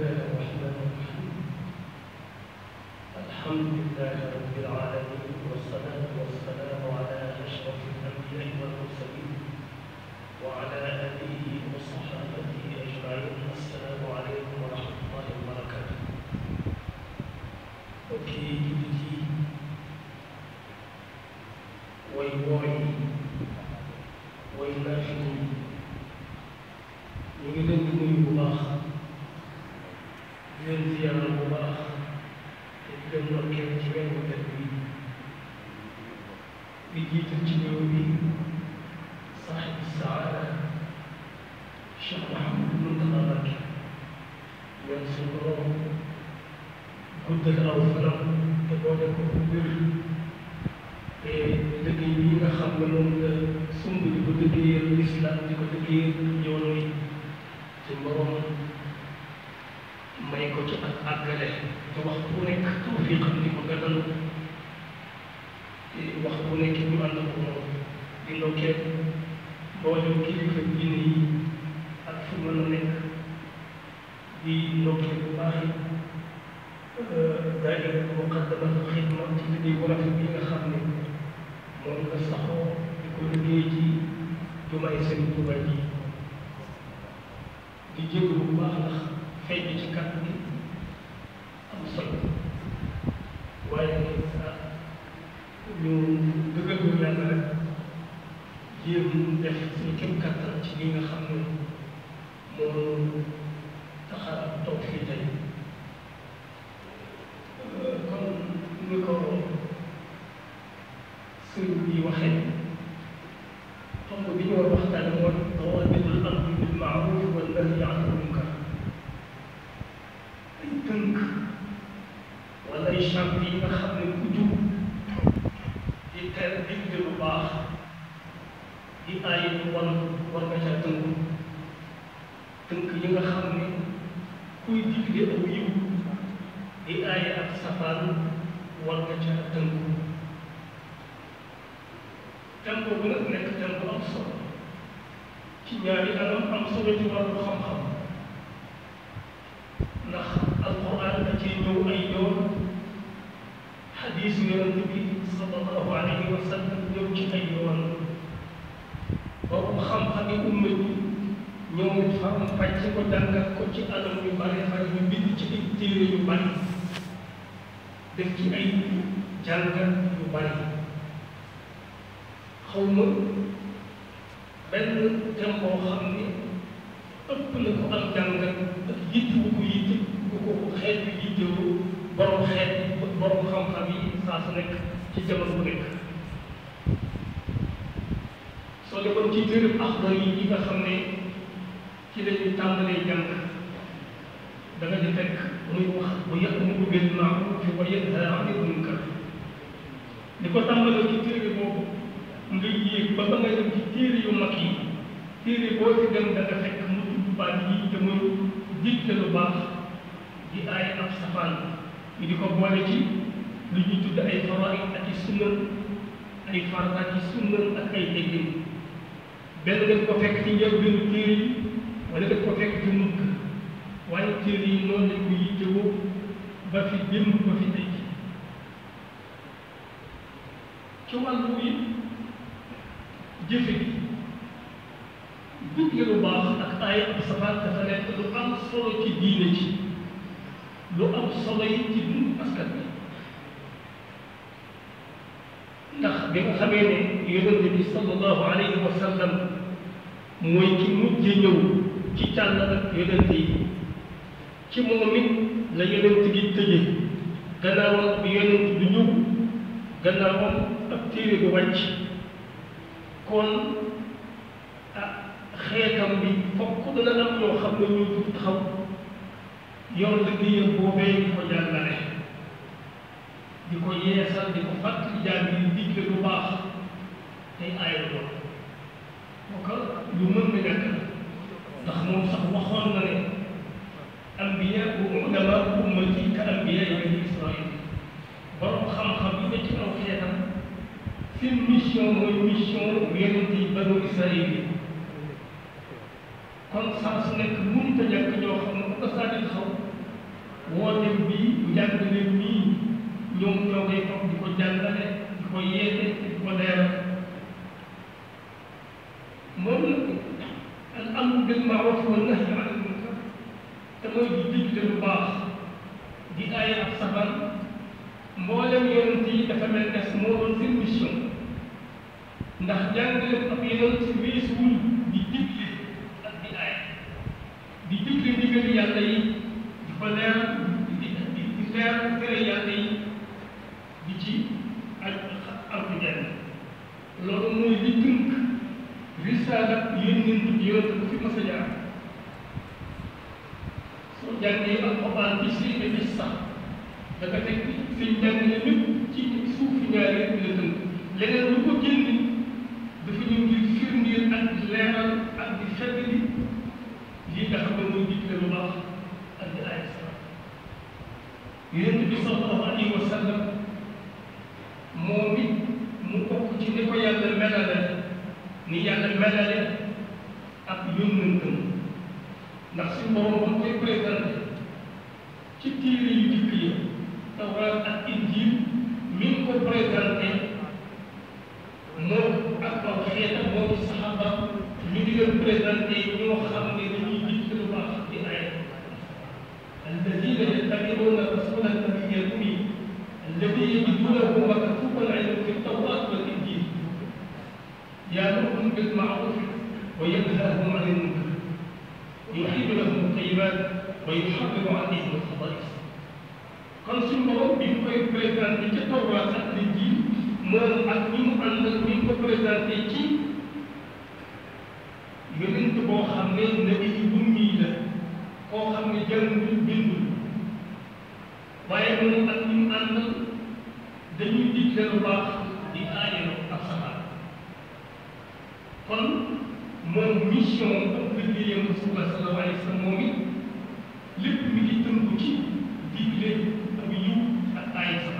الله الرحمن الرحيم الحمد لله رب العالمين والصلاة والسلام على أشرف الأنبياء والمرسلين وعلى آله وصحابته أجمعين السلام عليكم ورحمة الله وبركاته Okay, DDT. Way boy. Way national. المديرية الجنوبي صاحب السعادة الشيخ محمد بن طلبك ينصره مدة أوفر تبارك وتبارك liggéey bi nga xam ne moom la sumb di ko liggéeyal islam di ko liggéeyal yoon wi ci borom may ko ci ak àggale te wax bu nekk tawfiqam di ko gënal wax bu nekk ñu ànd ak moom di ndokkeel mboolem kilifa diine yi ak fu mën a nekk di ndokkeel bu baax daayira Muqaddamatul Xidma ci liggéey bu rafet bi nga xam ne moom nga saxoo di ko liggéey ci jumaay seen Tuuba ji di jégalu bu baax ndax feeñ ci kàddu gi am solo ñu dëggal ñu yàlla rek jéem def suñu kéem kattan ci li nga xam ne moom tax a toog fii tey kon ni ko sëriñ bi waxee tomb bi ñu war a waxtaan moom dawaabidul amri bil maaruf wal nahyi anil munkar ay tënk wala ay champ yi nga xam ne ku jub dikandung di rumah di wan warga jatuh tengkuyung hamil kui di dia uyu di air aksapan warga jatuh jambu benar mereka jambu amsor kinyari alam amsor itu baru ham nah Al-Quran aja nyuruh ayo hadis yang lebih sallallahu alayhi wa sallam ñëw ci ay yoon boobu xam-xami umma yi ñëw fam fàcc ko dàngat ko ci anam yu bari fay ñu bind ci ay téere yu bari def ci ay jàngat yu bari xaw ma benn thème boo xam ne ko am jàngat ak yitte bu ko yitte bu ko xeet bi yittewoo borom xeet borom xam-xam yi saa su nekk ci jamono bu nekk soo demoon ci béréb axbar yi ñi nga xam ne ci lañuy tàmbalee jàng da nga di fekk muy wax wa ya'muru bil ma'ruf wa yanha 'anil munkar li ko tàmbalee ci téere boobu nga yéeg ba ba nga dem ci téere yu mag yi téere boo ci dem da nga fekk mu tudd baat yi te muy digte lu baax di aaye ab safaan ko boole ci lu ñuy tudd ay faraid ak i sunnam ay fard ak i sunnam ak ay teggin benn daf ko fekk ci njël benn téere yi wala daf ko fekk ci mukk waaye téere yi noonu lañ ko yittewoo ba fi démb ba fi tey ci wàllu yi jëfe gi digle lu baax ak aaya ak safaan dafa nekk lu am solo ci diine ci lu am solo yi ci dund askan bi ndax bi nga xamee ne yonent bi sallallahu alayhi wa sallam mooy ki mujj ñëw ci tànn ak yonent yi ci moom it la yonent gi tëje gannaawam bi yonent du ñëw gannaawam ak téere bi wàcc kon ah xeetam bi fokk dana am ñoo xam ne ñu taxaw yoon liggéeyam boobee ko jàllale di ko yeesal di ko fàttali jaam yi digle lu baax tey aayal lool kooka lu mën na nekk ndax moom sax waxoon na ne ambiya bu ulama ummati ka ambiya yi bani israil borom xam-xam yi ci aw xeetam seen mission mooy mission yonent yi banu israil yi kon saa su nekk mënut a ñàkk ñoo xam ne bu ko saa xaw woote bii njàng leen nii ñoom ñoo koy topp di ko jàngale di ko yeete di ko leeral moom la al amru bil ma'ruf wa nahyi anil munkar te mooy di digle lu baax di aaye ak saban mboolem yonent yi dafa mel ne moo doon seen mission ndax jàngale ak yonent si weesuwul di digle ak di aaye di digle ndigal yàlla yi di ko leeral di di leer tere yàlla yi. ustaas ak yónni yoon bi si ne bis sax dafa teg seen jàng ne lépp ci suuf ñaari rek la tënk leneen lu ko génn dafa ñëw ngir firndeel ak di leeral ak di feddali lii nga xam ne mooy digle lu baax ak di aaya salaam yonent bi sallallahu alayhi wa sallam moom it mu bokk ci ni ko yàlla ni yàlla melale ak yónnantam ndax suñu borom ba mu koy présenté ci téere yu dikk yi tawraat ak injiil mi ngi ko présenté moo ak aw xeetam moo ci saxaaba ñu di leen présenté ñoo xam ne dañuy dikk lu baax di ay alladina yattabiuna rasula nabiyya alladhi yajidunahu يامرهم بالمعروف وينهاهم عن المنكر يحب لهم الطيبات ويحرم عليهم الخبائث قال سيما ربي فايت بريتان تي تورا تي مو اك ني مو اند ني كو بريتان تي تي يونت بو خامي نبي بومي لا كو خامي جال مو بيل باي مو اك ني مو اند دني ديك لو باخ دي اي Mon mission ak liggéeyam Rasulullah alayhi wa sallam le it lépp mi